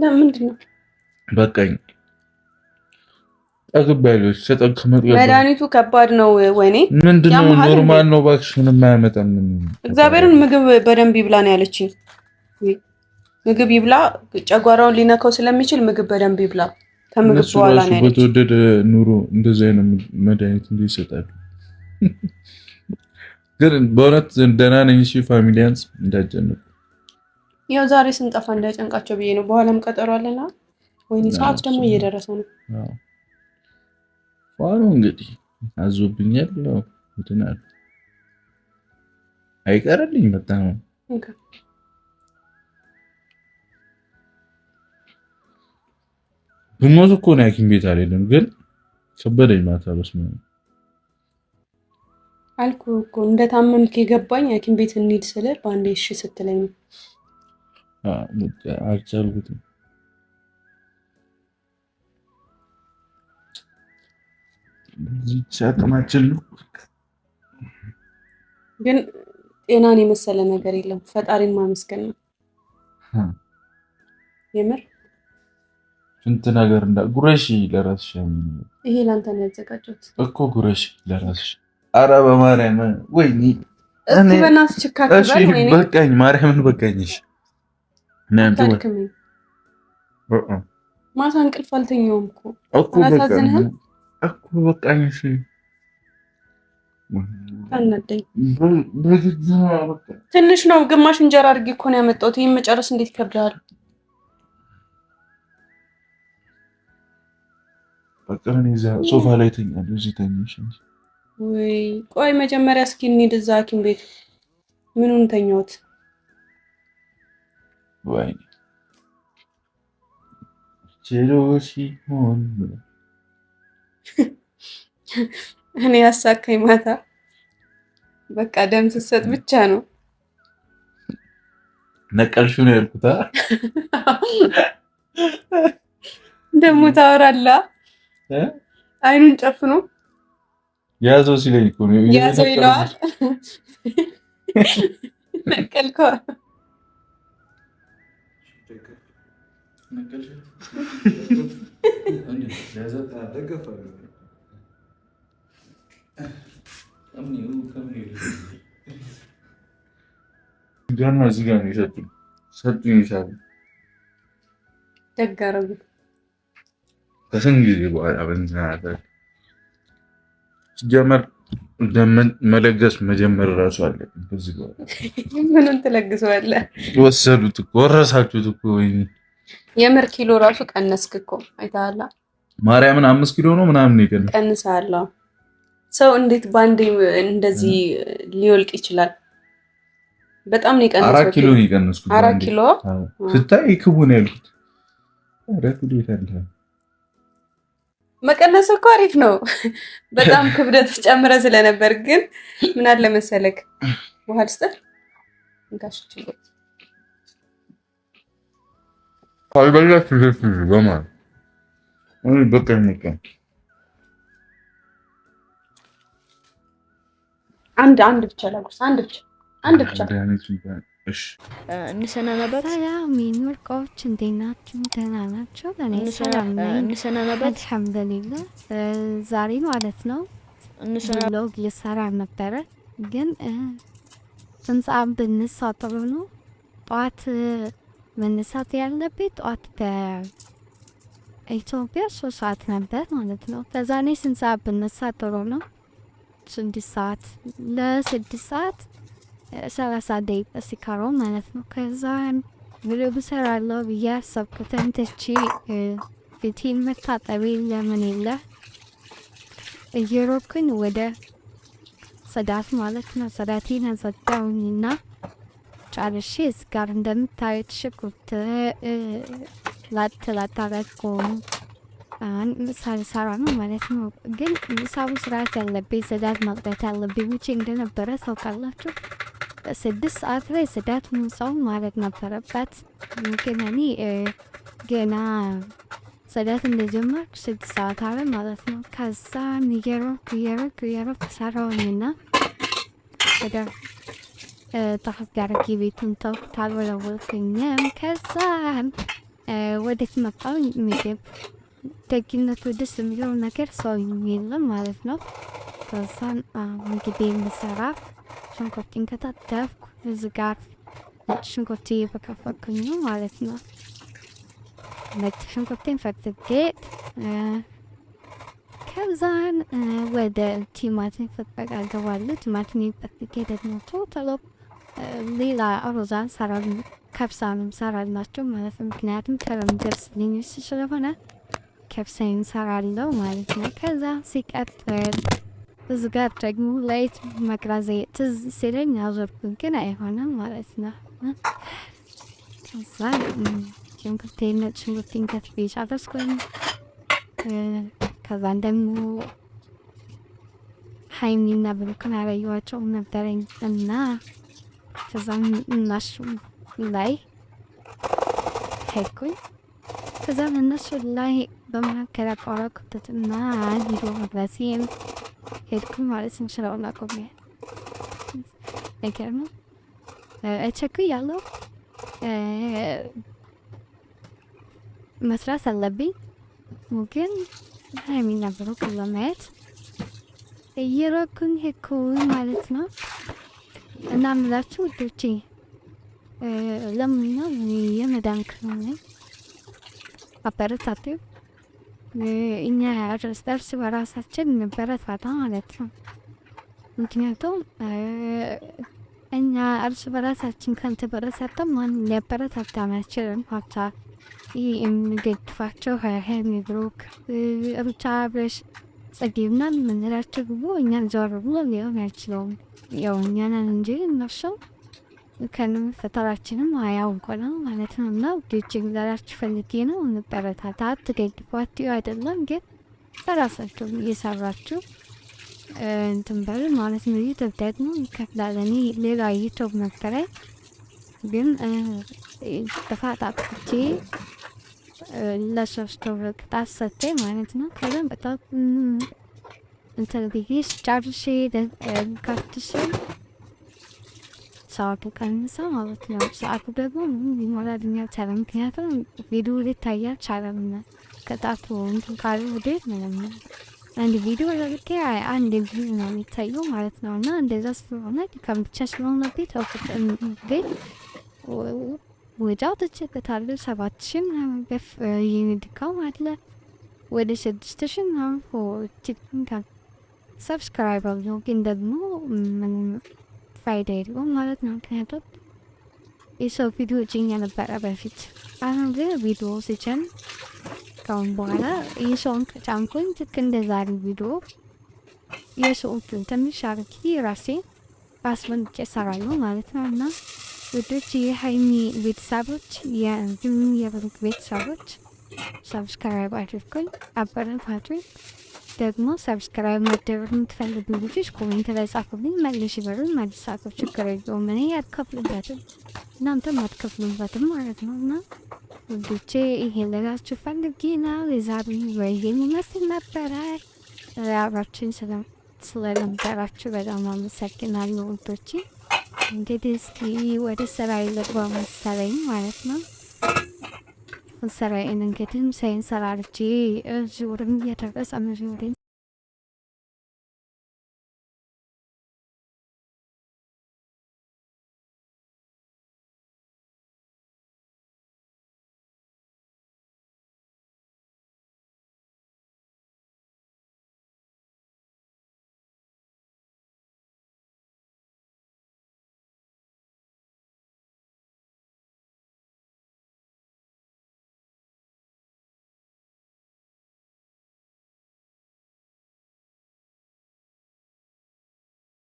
ለምንድን ነው በቃኝ። ጠግቤያለሁ። ሲሰጠን መድኃኒቱ ከባድ ነው። ወይኔ ምንድን ነው ኖርማል ነው እባክሽ፣ ምንም አያመጣም። እግዚአብሔርን ምግብ በደንብ ይብላ ነው ያለችኝ። ምግብ ይብላ፣ ጨጓራውን ሊነካው ስለሚችል ምግብ በደንብ ይብላ። ከምግብ በኋላ ነው በተወደደ ኑሮ እንደዚህ አይነት መድኃኒት እንዲ ይሰጣሉ። ግን በእውነት ደህና ነኝ። እሺ ፋሚሊያንስ ያው ዛሬ ስንጠፋ እንዳይጨንቃቸው ብዬ ነው። በኋላም ቀጠሮ አለና፣ ወይኔ ሰዓት ደግሞ እየደረሰ ነው። ዋኑ እንግዲህ አዞብኛል። ትናል አይቀርልኝ መጣ ነው ብሞት እኮ ነው ሐኪም ቤት አልሄድም፣ ግን ከበደኝ። ማታ በስመ አብ አልኩህ እኮ እንደታመምክ የገባኝ ሐኪም ቤት እንሂድ ስለ በአንዴ እሺ ስትለኝ ነው አልቻልኩትም። ግን ጤናን የመሰለ ነገር የለም። ፈጣሪን ማመስገን ነው። የምር ስንት ነገር እንዳ ጉረሽ ለራስሽ ይሄ ለአንተ ነው ያዘጋጀሁት እኮ ጉረሽ ለራስሽ። አረ በማርያም ወይ በቃኝ፣ ማርያምን በቃኝሽ ማታ እንቅልፍ አልተኛውም እኮ እኮ በቃ ትንሽ ነው። ግማሽ እንጀራ አድርጌ እኮ ነው ያመጣሁት። ይህን መጨረስ እንዴት ይከብዳል? ሶፋ ላይ እዚህ ተኛሽ ወይ ቆይ መጀመሪያ እስኪ እንሂድ እዛ ሐኪም ቤት ምኑን ተኛት ወይኔ ጀሎሲ እኔ ያሳካኝ ማታ በቃ ደም ስትሰጥ ብቻ ነው። ነቀልሽው ነው ያልኩት። ደግሞ ታወራላ አይኑን ጨፍኖ ያዘው ሲለኝ ያዘው ይለዋል። ነቀልከዋል ጋና እዚህ ጋር ነው የሰጡኝ። ሰጡኝ ይሻሉ ደግ ከስንት ጊዜ በኋላ ሲጀመር መለገስ መጀመር እራሱ አለ። ምንም ትለግሰዋለህ። ወሰዱት እኮ ወረሳችሁት እኮ ወይኔ የምር ኪሎ ራሱ ቀነስክ እኮ አይተሃል። ማርያምን አምስት ኪሎ ነው ምናምን ይገል ቀንሳለሁ። ሰው እንዴት ባንዴ እንደዚህ ሊወልቅ ይችላል? በጣም ነው የቀነስኩት። አራት ኪሎ ነው የቀነስኩት። አራት ኪሎ ስታይ ክቡ ነው ያልኩት። አራት ኪሎ ይታል። መቀነስ እኮ አሪፍ ነው። በጣም ክብደት ጨምረ ስለነበር ግን ምን አለ መሰለክ ውሃ ልስጥህ እንካሽ Kaybeder sizi ama. Onu በቀር አንድ አንድ ብቻ ላጉርስ። አንድ ብቻ አንድ ብቻ እንሰናናበት። ሰላም የኔ እንዴት ናችሁ? ደህና ናቸው። እኔ ሰላም ነኝ። እንሰናናበት አልሐምዱሊላህ። ዛሬ ማለት ነው ብሎግ እየሰራ ነበረ፣ ግን ስንት ሰዓት ብንሳ ጥሩ ነው? ጠዋት መነሳት ያለብኝ ጠዋት በኢትዮጵያ ሶስት ሰዓት ነበር ማለት ነው። ከዛ እኔ ስንት ሰዓት ብነሳ ጥሩ ነው? ስድስት ሰዓት ለስድስት ሰዓት ሰላሳ ደቂቃ ሲቀረው ማለት ነው። ከዛ ምግብ እሰራለሁ ብዬ አሰብኩትን ትቼ ፊቴን መታጠቤ ለምን የለ እየሮኩኝ ወደ ጽዳት ማለት ነው። ጽዳቴን አጸዳሁኝና ጨርሼ እዚህ ጋር እንደምታዩት ሽንኩርት ላጥ ላጥ አረኩ። ሳራ ነው ማለት ነው። ግን ምሳቡ ስርዓት ያለብኝ ጽዳት ማጽዳት ያለብኝ ውጪ እንደነበረ ሰው ካላችሁ ስድስት ሰዓት ላይ ጽዳት ምሳውን ማለት ነበረበት። ግን እኔ ገና ጽዳት እንደጀመርኩ ስድስት ሰዓት አለ ማለት ነው። ከዛ እየሮኩ እየሮኩ እየሮኩ ሰራውኝና E, ተፈጋሪ ቤቱን ታወለወልክኝም። ከዛ ወደት መጣሁኝ። ምግብ ደግነቱ ደስ የሚለው ነገር ሰው የለም ማለት ነው። ከዛን ምግብ የምሰራ ሽንኩርቴን ከታተፍኩ እዚ ጋር ሽንኩርቴ በከፈኩኝ ማለት ነው። ነጭ ሽንኩርቴን ፈትጌ ከዛን ወደ ቲማቲም ፈጠቃ ገባሉ። ቲማቲም ፈትጌ ደግሞ ቶሎ ሌላ ሮዛን ሰራል ከብሳንም ሰራል ናቸው ማለት ነው። ምክንያቱም ከለምገብስ ሊኒስ ስለሆነ ከብሳይን ሰራለው ማለት ነው። ከዛ ሲቀጥል እዚ ጋር ደግሞ ላይት መቅራዜ ትዝ ሲለኝ አዞርኩኝ፣ ግን አይሆንም ማለት ነው። ከዛ ሽንኩርቴ ነጭ ሽንኩርቴን ከትፌ ጨረስኩኝ። ከዛን ደግሞ ሀይሚና ብሩክን አላየኋቸውም ነበረኝ እና ከዛም እነሱ ላይ ሄድኩኝ። ከዛም እነሱ ላይ በመካከል አቋረኩበትና ሂዶ መግባሴም ሄድኩኝ ማለት እንችለውና ቆሜ ነገር ነው እቸኩ ያለው መስራት አለብኝ ግን የሚናበሩ ለማየት እየሮኩኝ ሄድኩኝ ማለት ነው። እና ምላችሁ ውዶቼ ለምን ነው የመዳን ክፍል አበረታት እኛ እርስ ደርስ በራሳችን እንበረታታ ማለት ነው። ምክንያቱም እኛ እርስ በራሳችን ካልተበረታታ ማንም ሊያበረታታን አይችልም። ሀብታ ይህ የምንደግፋቸው ሀይሀይ ሚብሩክ ሩቻ ብለሽ ጸጌና መንራቸው ግቡ እኛን ዞር ብሎ ሊሆን አይችለውም። ያው እኛንን እንጂ እነርሱም ከንም አያው አያውቁ ነው ማለት ነው። እና ውዴች ላላችሁ ፈልጌ ነው። እንበረታታ። አትገድፏቸው አይደለም ግን በራሳቸው እየሰራችሁ እንትን በሉ ማለት ነው። ዩቱብ ደግሞ ይከፍላል። እኔ ሌላ ዩቱብ ነበረ ግን በፋጣ ለሶስቱ ቅጣት ሰጠኝ ማለት ነው። ከዛ በጣም እንትን ብዬ ጨርሼ ከፍትሽ ሰዓቱ ቀንሰ ማለት ነው። ሰዓቱ ደግሞ ይሞላልኛ ተረ ምክንያቱም ቪዲዮ ልታያ ቻለምና ቅጣቱ እንትን ካሉ ውዴት ምንም አንድ ቪዲዮ ለልኬ አንድ ቪዲዮ ነው የሚታየው ማለት ነው። እና እንደዛ ስለሆነ ከምቻ ስለሆነ ቤት ግን ወጪ አውጥቼበታለሁ። ሰባት ሺ ምናምን በፍ የኔ ድካም አለ ወደ ስድስት ሺ ምናምን ቲክቶክ ሰብስክራይብ አለው። ግን ደግሞ ምንም ፋይዳ የለውም ማለት ነው። ምክንያቱም የሰው ቪዲዮ ጭኛ ነበረ በፊት። አሁን ግን ቪዲዮ ሲጭን ካሁን በኋላ የሰውን ከጫንኩኝ ትክ እንደዛሬ ቪዲዮ የሰዎቹን ትንሽ አርኪ ራሴ ራስ መንቄ ሰራለሁ ማለት ነው እና ውዶች የሀይሚ ቤተሰቦች የእንዲሁም የብሩክ ቤተሰቦች ሰብስክራይብ አድርጎኝ አበረታቱኝ። ደግሞ ሰብስክራይብ መደረግ የምትፈልጉ ልጆች ኮሜንት ላይ ጻፉልኝ። መልሽ ይበሉኝ። መልሳቸው ችግር የለውም። እኔ አትከፍሉበትም፣ እናንተም አትከፍሉበትም ማለት ነው እና ውዶቼ ይሄ ልላችሁ ፈልጌ ነው። የዛሬ ወይን ይመስል ነበረ። አብራችን ስለነበራችሁ በጣም አመሰግናለሁ ውዶቼ። እንግዲህ እስኪ ወደ ስራዬ ልግባ መሰለኝ ማለት ነው። ስራዬን እንግዲህ ምሳዬን ሰራርቼ እዚህ ወደም እየደረሰ ምሪ ወደ